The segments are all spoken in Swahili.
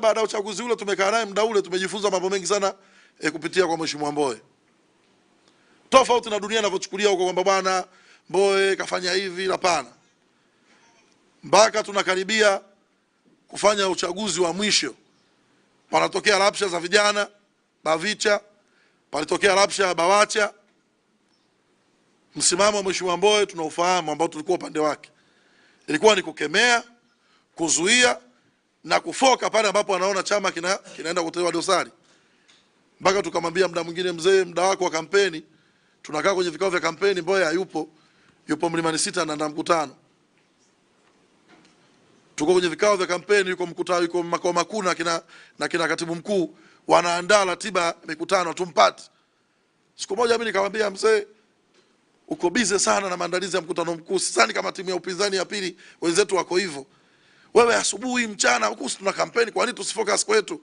Baada ya uchaguzi ule tumekaa naye muda ule, tumejifunza mambo mengi sana e, kupitia kwa mheshimiwa Mboe. tofauti na dunia inavyochukulia huko kwamba bwana Mboe kafanya hivi. Hapana, mpaka tunakaribia kufanya uchaguzi wa mwisho panatokea rapsha za vijana Bavicha, palitokea rapsha ya Bawacha. Msimamo wa mheshimiwa Mboe tunaufahamu, ambao tulikuwa upande wake, ilikuwa ni kukemea, kuzuia na kufoka pale ambapo anaona chama kina, kinaenda kutolewa dosari. Mpaka tukamwambia mda mwingine, mzee, mda wako wa kampeni. Tunakaa kwenye vikao vya kampeni, Mboya hayupo, yupo Mlimani sita na anaandaa mkutano, tuko kwenye vikao vya kampeni, yuko mkutano, yuko makao makuu na kina, na kina katibu mkuu wanaandaa ratiba mikutano, tumpate. siku moja. Mimi nikamwambia mzee, uko bize sana na maandalizi ya mkutano mkuu. Sidhani kama timu ya upinzani ya pili wenzetu wako hivyo wewe asubuhi mchana huku tuna kampeni, kwa nini tusifocus kwetu?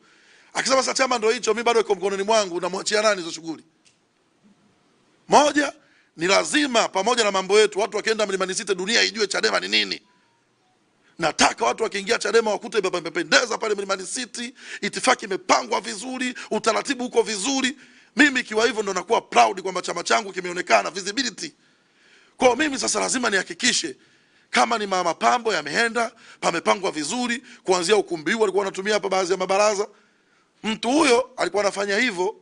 Akisema sasa chama ndio hicho, mimi bado iko mkononi mwangu, namwachia nani hizo shughuli? Moja ni lazima, pamoja na mambo yetu, watu wakienda Mlimani City dunia ijue Chadema ni nini. Nataka watu wakiingia Chadema wakute imependeza pale Mlimani City, itifaki imepangwa vizuri, utaratibu uko vizuri. Mimi ikiwa hivyo ndo nakuwa proud kwamba chama changu kimeonekana visibility. Kwa mimi sasa lazima nihakikishe kama ni mapambo yameenda, pamepangwa vizuri, kuanzia ukumbi huu alikuwa anatumia hapa baadhi ya mabaraza. Mtu huyo alikuwa anafanya hivyo,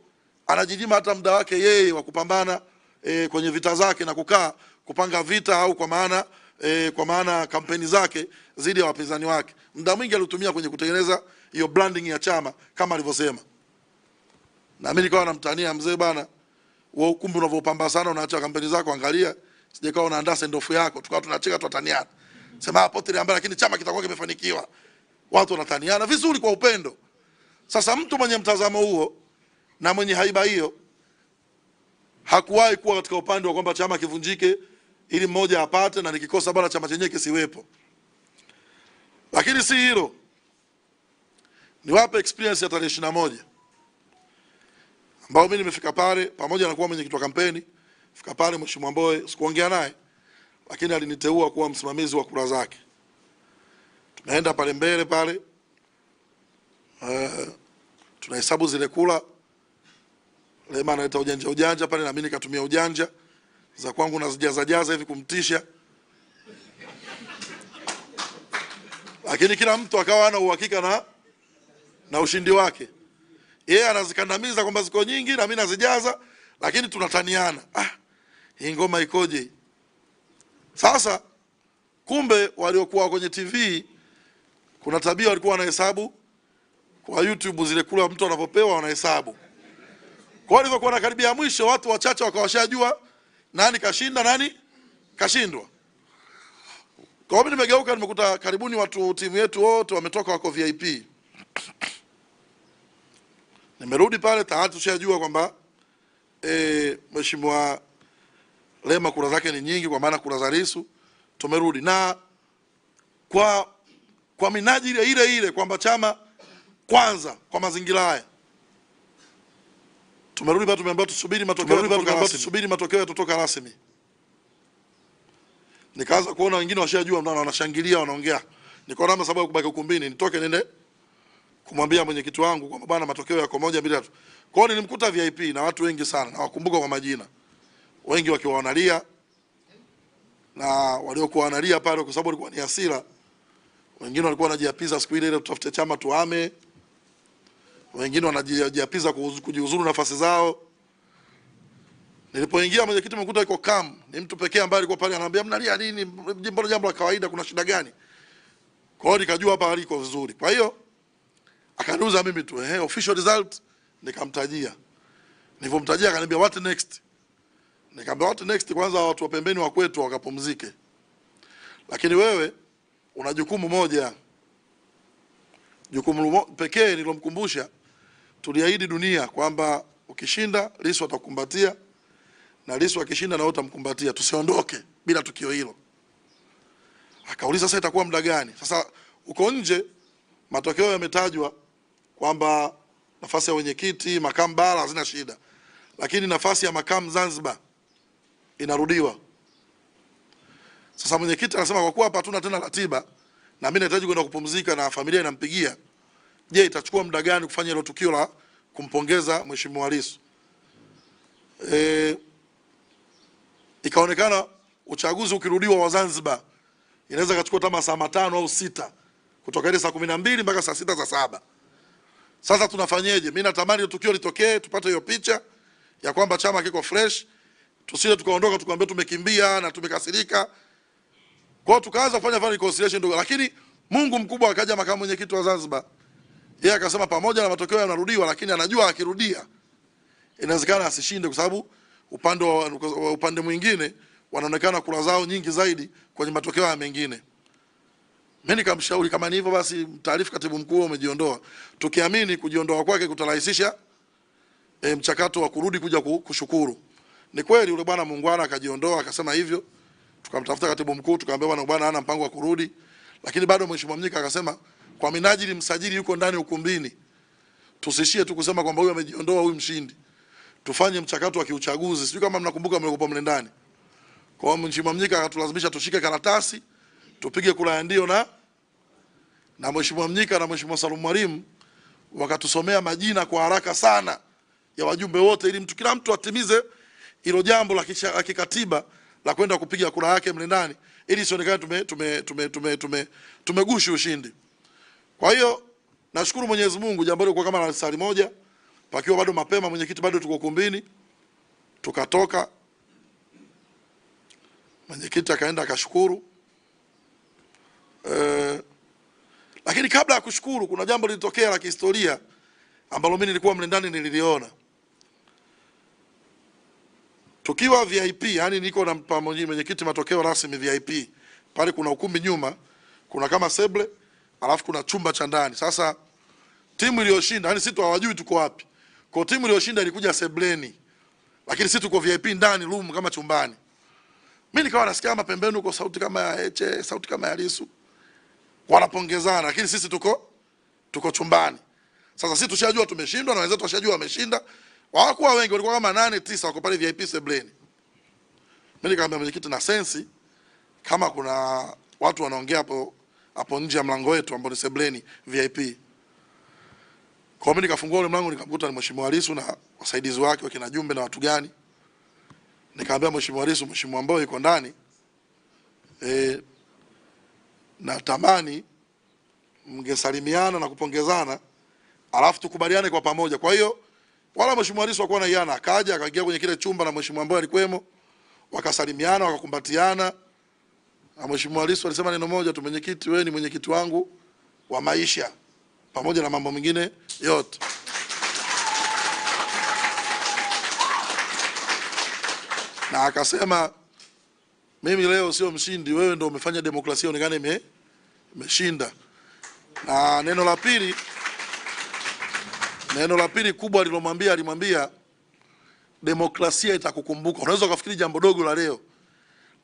anajinyima hata muda wake yeye wa kupambana e, kwenye vita zake na kukaa kupanga vita au kwa maana e, kwa maana kampeni zake dhidi ya wapinzani wake. Muda mwingi alitumia kwenye kutengeneza hiyo branding ya chama kama alivyosema, na mimi nikawa namtania mzee, bana, wa ukumbi unavyopamba sana, unaacha kampeni zako, angalia sijakuwa unaandaa sendofu yako, tukawa tunacheka tutaniana, sema hapo ah, tena ambaye, lakini chama kitakuwa kimefanikiwa, watu wanataniana vizuri kwa upendo. Sasa mtu mwenye mtazamo huo na mwenye haiba hiyo hakuwahi kuwa katika upande wa kwamba chama kivunjike ili mmoja apate, na nikikosa bwana chama chenyewe kisiwepo. Lakini si hilo, niwape experience ya tarehe ishirini na moja ambayo mimi nimefika pale pamoja na kuwa mwenyekiti wa kampeni fika pale, mheshimiwa Mbowe sikuongea naye, lakini aliniteua kuwa msimamizi wa kura zake. Tunaenda pale mbele pale, uh, tunahesabu zile kura. Lema analeta ujanja ujanja pale, na mimi nikatumia ujanja za kwangu na zijaza jaza hivi kumtisha, lakini kila mtu akawa ana uhakika na, na ushindi wake. Yeye anazikandamiza kwamba ziko nyingi na mimi nazijaza, lakini tunataniana ah hii ngoma ikoje? Sasa kumbe waliokuwa kwenye TV kuna tabia walikuwa wanahesabu kwa YouTube zile kula mtu anapopewa wanahesabu. Kwa walivyokuwa na karibia mwisho, watu wachache wakawashajua nani kashinda nani kashindwa. Kwa hiyo nimegeuka, nimekuta karibuni watu timu yetu wote wametoka, wako VIP. Nimerudi pale tayari tushajua kwamba eh, mheshimiwa Lema kura zake ni nyingi, kwa maana kura za Lissu tumerudi na kwa kwa minajili ya ile ile kwamba chama kwanza, kwa mazingira haya tumerudi bado, tumeambiwa tusubiri matokeo, tusubiri matokeo yatotoka rasmi. Nikaanza kuona wengine washajua, mbona wanashangilia, wanaongea, nikaona kama sababu ya kubaki ukumbini nitoke nende kumwambia mwenyekiti wangu kwamba bwana, matokeo yako moja bila. Kwa hiyo nilimkuta VIP na watu wengi sana, nawakumbuka kwa majina wengi wakiwa wanalia na waliokuwa wanalia pale, kwa sababu walikuwa ni hasira. Wengine walikuwa wanajiapiza siku ile ile tutafute chama tuame, wengine wanajiapiza kujiuzuru nafasi zao. Nilipoingia mwenyekiti mkuta yuko kam, ni mtu pekee ambaye alikuwa pale, ananiambia mnalia nini? Mbona jambo la kawaida, kuna shida gani? Kwa hiyo nikajua hapa haliko vizuri. Kwa hiyo akaniuza mimi tu, eh, official result nikamtajia. Nilipomtajia akaniambia what next? Nikamwambia watu next, kwanza watu wa pembeni wa kwetu wakapumzike, lakini wewe una jukumu moja. Jukumu pekee nilomkumbusha, tuliahidi dunia kwamba ukishinda Lissu atakukumbatia na Lissu akishinda na wewe utamkumbatia, tusiondoke bila tukio hilo. Akauliza sasa itakuwa muda gani? Sasa uko nje, matokeo yametajwa kwamba nafasi ya wenyekiti, makamu bara hazina shida, lakini nafasi ya makamu Zanzibar inarudiwa. Sasa mwenyekiti anasema kwa kuwa hapa hatuna tena ratiba na mimi nahitaji kwenda kupumzika na familia inampigia, je, itachukua muda gani kufanya hilo tukio la kumpongeza mheshimiwa Lissu? E, ikaonekana uchaguzi ukirudiwa wa Zanzibar inaweza kachukua kama saa matano au sita kutoka ile saa kumi na mbili mpaka saa sita za saba. Sasa tunafanyeje? Mimi natamani tukio litokee, tupate hiyo picha ya kwamba chama kiko fresh, tusije tukaondoka tukamwambia tumekimbia na tumekasirika. Kwa hiyo tukaanza kufanya vile reconciliation ndogo, lakini Mungu mkubwa akaja makamu mwenyekiti wa Zanzibar. Yeye akasema pamoja na matokeo yanarudiwa, lakini anajua akirudia inawezekana asishinde kwa sababu upande wa upande mwingine wanaonekana kura zao nyingi zaidi kwenye matokeo ya mengine. Mimi nikamshauri kama ni hivyo basi, mtaarifu katibu mkuu umejiondoa, tukiamini kujiondoa kwake kutarahisisha e, mchakato wa kurudi kuja kushukuru. Ni kweli yule bwana muungwana akajiondoa akasema hivyo, tukamtafuta katibu mkuu, tukamwambia bwana, bwana hana mpango wa kurudi, lakini bado mheshimiwa Mnyika akasema kwa minajili msajili yuko ndani ukumbini, tusishie tu kusema kwamba huyu amejiondoa, huyu mshindi, tufanye mchakato wa kiuchaguzi. Sijui kama mnakumbuka, mlikuwa mle ndani. Kwa hiyo mheshimiwa Mnyika akatulazimisha tushike karatasi tupige kura ya ndio, na na mheshimiwa Mnyika na mheshimiwa Salum Mwalimu wakatusomea majina kwa haraka sana ya wajumbe wote, ili mtu kila mtu atimize hilo jambo la kikatiba la kwenda kupiga kura yake ndani ili sionekane tume tume tume tume tume tumegushi ushindi. Kwa hiyo nashukuru Mwenyezi Mungu, jambo hilo kwa kama la sali moja, pakiwa bado mapema, mwenyekiti bado tuko kumbini, tukatoka mwenyekiti akaenda akashukuru. eh, lakini kabla ya kushukuru kuna jambo lilitokea la kihistoria ambalo mimi nilikuwa mlendani nililiona. Tukiwa VIP, yani niko na pamoja mwenyekiti matokeo rasmi VIP. Pale kuna ukumbi nyuma, kuna kama seble, alafu kuna chumba cha ndani. Sasa timu iliyoshinda, yani sisi hawajui tuko wapi. Kwa timu iliyoshinda ilikuja sebleni. Lakini sisi tuko VIP ndani room kama chumbani. Mimi nikawa nasikia kama pembeni uko sauti kama ya Heche, sauti kama ya Lisu. Wanapongezana, lakini sisi tuko tuko chumbani. Sasa sisi tushajua tumeshindwa na wenzetu washajua wameshinda hawakuwa wengi, walikuwa kama nane tisa, wako pale VIP sebleni. Mimi nikamwambia mwenyekiti, na sensi kama kuna watu wanaongea hapo hapo nje ya mlango wetu ambao ni sebleni VIP. Kwa mimi nikafungua ule mlango nikamkuta ni Mheshimiwa Lissu na wasaidizi wake wakina Jumbe na watu gani. Nikamwambia Mheshimiwa Lissu, Mheshimiwa ambao yuko ndani eh, natamani mngesalimiana na kupongezana alafu tukubaliane kwa pamoja. Kwa hiyo wala mheshimiwa rais hakuwa anaiana, akaja akaingia kwenye kile chumba na mheshimiwa ambaye alikwemo, wakasalimiana, wakakumbatiana na mheshimiwa rais alisema neno moja tu, mwenyekiti, wewe ni mwenyekiti wangu wa maisha, pamoja na mambo mengine yote. Na akasema mimi leo sio mshindi, wewe ndio umefanya demokrasia onekana imeshinda. Na neno la pili Neno la pili kubwa alilomwambia, alimwambia demokrasia itakukumbuka. Unaweza ukafikiri jambo dogo la leo,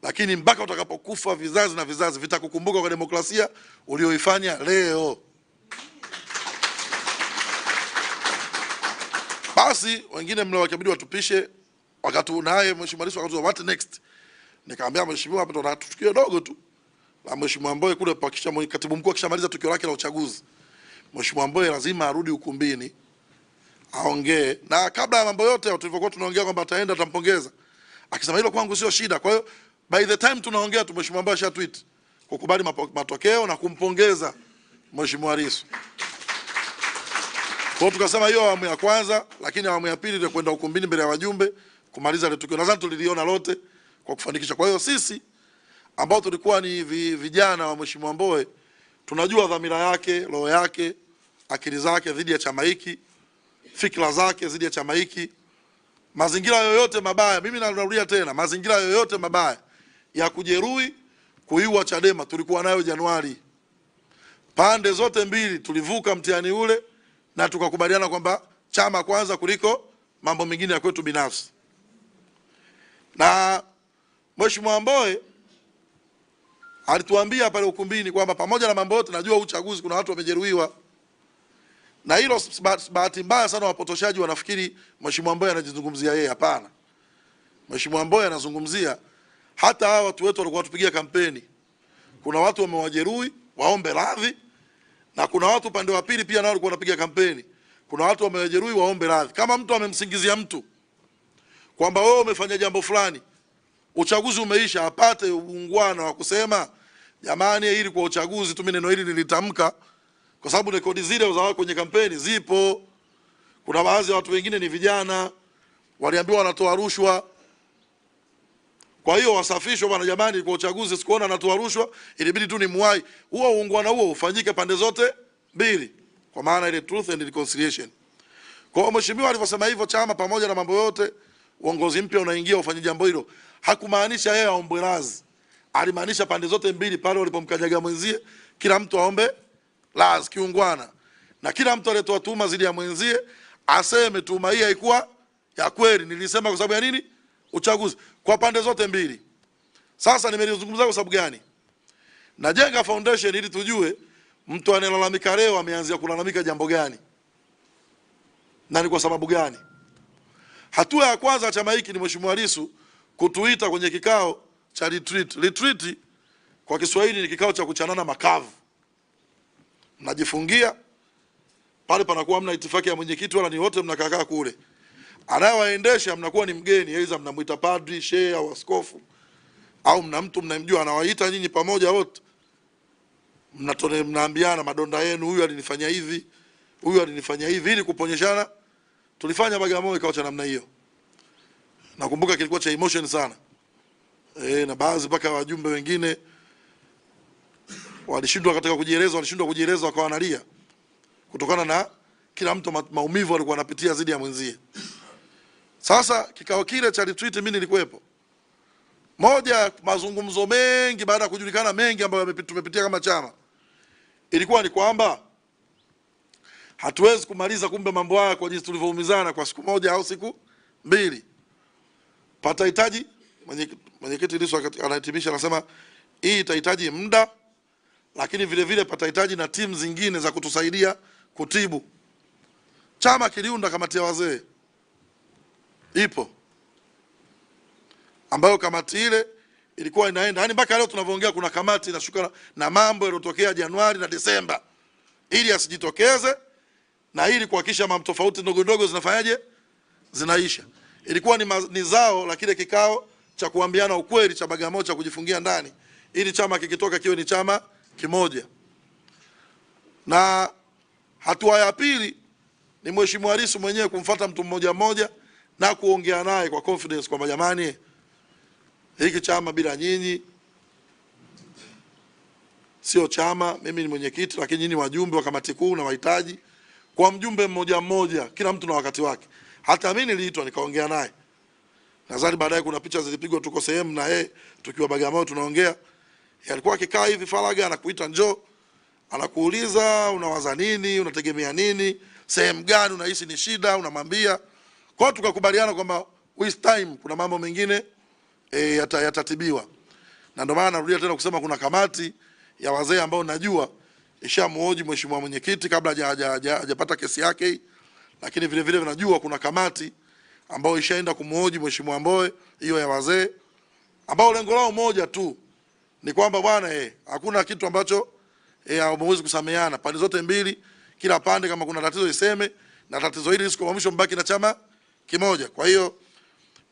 lakini mpaka utakapokufa vizazi na vizazi vitakukumbuka kwa demokrasia ulioifanya leo. Basi wengine mlio wakabidi watupishe, wakati naye mheshimiwa rais akatoa what next, nikamwambia mheshimiwa, hapo tuna tukio dogo tu la mheshimiwa Mboye kule, pakisha katibu mkuu akishamaliza tukio lake la uchaguzi, mheshimiwa Mboye lazima arudi ukumbini aongee na kabla ya mambo yote tulivyokuwa tunaongea kwamba ataenda atampongeza, akisema hilo kwangu sio shida. Kwa hiyo by the time tunaongea tu mheshimiwa ambaye asha tweet kukubali matokeo na kumpongeza mheshimiwa Lissu. Kwa hiyo tukasema hiyo awamu ya kwanza, lakini awamu ya pili ndio kwenda ukumbini mbele ya wajumbe kumaliza ile tukio, nadhani tuliliona lote kwa kufanikisha. Kwa hiyo sisi ambao tulikuwa ni vijana wa mheshimiwa Mbowe tunajua dhamira yake, roho yake, akili zake dhidi ya chama hiki fikra zake zidi ya chama hiki. Mazingira yoyote mabaya, mimi narudia tena, mazingira yoyote mabaya ya kujeruhi, kuiua Chadema tulikuwa nayo Januari. Pande zote mbili tulivuka mtihani ule na tukakubaliana kwamba chama kwanza kuliko mambo mengine ya kwetu binafsi. Na Mheshimiwa Mboe alituambia pale ukumbini kwamba pamoja na mambo yote, najua uchaguzi kuna watu wamejeruhiwa na hilo bahati mbaya sana wapotoshaji wanafikiri Mheshimiwa Mboya anajizungumzia yeye. Hapana, Mheshimiwa Mboya anazungumzia hata hawa watu wetu walikuwa watupigia kampeni. Kuna watu wamewajeruhi, waombe radhi, na kuna watu upande wa pili pia nao walikuwa wanapiga kampeni. Kuna watu wamewajeruhi, waombe radhi. Kama mtu amemsingizia mtu kwamba wewe umefanya jambo fulani, uchaguzi umeisha, apate uungwana wa kusema jamani, ili kwa uchaguzi tu, mimi neno hili nilitamka kwa sababu rekodi zile za wao kwenye kampeni zipo. Kuna baadhi ya watu wengine ni vijana waliambiwa wanatoa rushwa, kwa hiyo wasafishwe bwana. Jamani, kwa uchaguzi sikuona anatoa rushwa, ilibidi tu ni muwai. Huo uungwana huo ufanyike pande zote mbili, kwa maana ile truth and reconciliation. Kwa hiyo mheshimiwa alivyosema hivyo, chama pamoja na mambo yote, uongozi mpya unaingia ufanye jambo hilo, hakumaanisha yeye aombe radhi, alimaanisha pande zote mbili, pale walipomkanyaga mwenzie, kila mtu aombe Laz kiungwana, na kila mtu aliyetoa tuhuma zidi ya mwenzie aseme tuhuma hii haikuwa ya kweli, nilisema kwa sababu ya nini? Uchaguzi kwa pande zote mbili. Sasa nimelizungumza kwa sababu gani? Najenga foundation ili tujue mtu anelalamika leo ameanzia kulalamika jambo gani na ni kwa sababu gani. Hatua ya kwanza ya chama hiki ni Mheshimiwa Lissu kutuita kwenye kikao cha retreat. Retreat kwa Kiswahili ni kikao cha kuchanana makavu mnajifungia pale, panakuwa mna itifaki ya mwenyekiti wala ni wote mnakaa kule, anayewaendesha mnakuwa ni mgeni, aidha mnamwita padri, shehe au askofu au mna mtu mnamjua, anawaita nyinyi pamoja wote, mnatone, mnaambiana madonda yenu, huyu alinifanya hivi, huyu alinifanya hivi, ili kuponyeshana. Tulifanya Bagamoyo ikawa cha namna hiyo, nakumbuka kilikuwa cha emotion sana e, na baadhi mpaka wajumbe wengine walishindwa katika kujieleza, walishindwa kujieleza, wakawa wanalia kutokana na kila mtu maumivu alikuwa anapitia zidi ya mwenzie. Sasa kikao kile cha retreat, mimi nilikuwepo, moja mazungumzo mengi baada ya kujulikana mengi ambayo tumepitia kama chama, ilikuwa ni kwamba hatuwezi kumaliza kumbe mambo haya kwa jinsi tulivyoumizana kwa siku moja au siku mbili. Patahitaji mwenyekiti mwenye Lissu anahitimisha, anasema hii itahitaji muda lakini vile vile patahitaji na timu zingine za kutusaidia kutibu. Chama kiliunda kamati ya wazee, ipo ambayo kamati ile ilikuwa inaenda yani, mpaka leo tunavyoongea kuna kamati inashuka na mambo yaliyotokea Januari na Desemba, ili asijitokeze na ili kuhakikisha mambo tofauti ndogo ndogo zinafanyaje, zinaisha. Ilikuwa ni, ma, ni zao la kile kikao cha kuambiana ukweli cha Bagamoyo cha kujifungia ndani, ili chama kikitoka kiwe ni chama kimoja. Na hatua ya pili ni Mheshimiwa Rais mwenyewe kumfata mtu mmoja mmoja na kuongea naye kwa confidence kwamba jamani, hiki chama bila nyinyi sio chama. Mimi ni mwenyekiti, lakini nyinyi wajumbe wa kamati kuu na wahitaji kwa mjumbe mmoja mmoja, kila mtu na wakati wake. Hata mimi niliitwa nikaongea naye, nadhani baadaye kuna picha zilipigwa, tuko sehemu na yeye tukiwa Bagamoyo tunaongea alikuwa akikaa hivi faraga, anakuita njoo, anakuuliza unawaza nini, unategemea nini, sehemu gani unahisi ni shida, unamwambia. Kwa hiyo tukakubaliana kwamba this time kuna mambo mengine e, yatatibiwa yata, na ndio maana narudia tena kusema kuna kamati ya wazee ambao najua ishamhoji mheshimiwa mwenyekiti kabla hajapata kesi yake, lakini vile vile najua kuna kamati ambayo ishaenda kumhoji mheshimiwa Mbowe, hiyo ya wazee ambao lengo lao moja tu ni kwamba bwana eh, hakuna kitu ambacho eh, hamwezi kusameheana pande zote mbili, kila pande kama kuna tatizo iseme, na tatizo hili lisiko mwisho, mbaki na chama kimoja. Kwa hiyo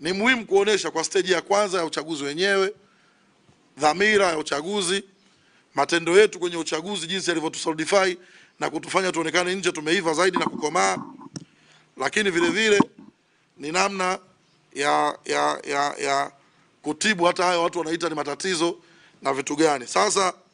ni muhimu kuonesha kwa stage ya kwanza ya uchaguzi wenyewe dhamira ya uchaguzi, matendo yetu kwenye uchaguzi, jinsi yalivyotusolidify na kutufanya tuonekane nje tumeiva zaidi na kukomaa, lakini vile vile ni namna ya, ya, ya, ya kutibu hata hayo watu wanaita ni matatizo na vitu gani. Sasa